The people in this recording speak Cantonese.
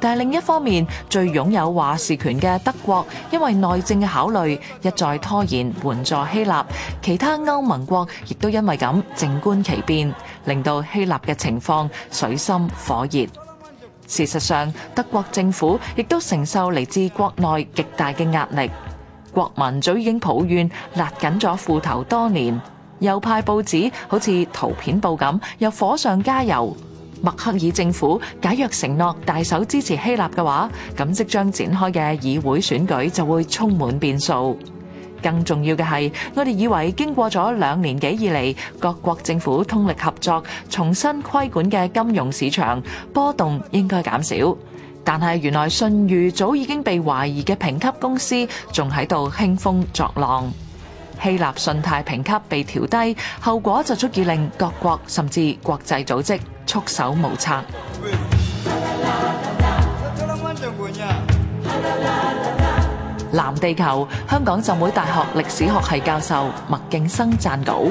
但另一方面，最擁有話事權嘅德國，因為內政嘅考慮，一再拖延援助希臘。其他歐盟國亦都因為咁靜觀其變，令到希臘嘅情況水深火熱。事實上，德國政府亦都承受嚟自國內極大嘅壓力，國民早已經抱怨勒緊咗褲頭多年。右派報紙好似圖片報咁，又火上加油。默克爾政府假若承諾大手支持希臘嘅話，咁即將展開嘅議會選舉就會充滿變數。更重要嘅係，我哋以為經過咗兩年幾以嚟，各國政府通力合作，重新規管嘅金融市場波動應該減少，但係原來信譽早已經被懷疑嘅評級公司仲喺度興風作浪。希臘信貸評級被調低，後果就足以令各國甚至國際組織。束手無策。藍地球，香港浸會大學歷史學系教授麥勁生撰稿。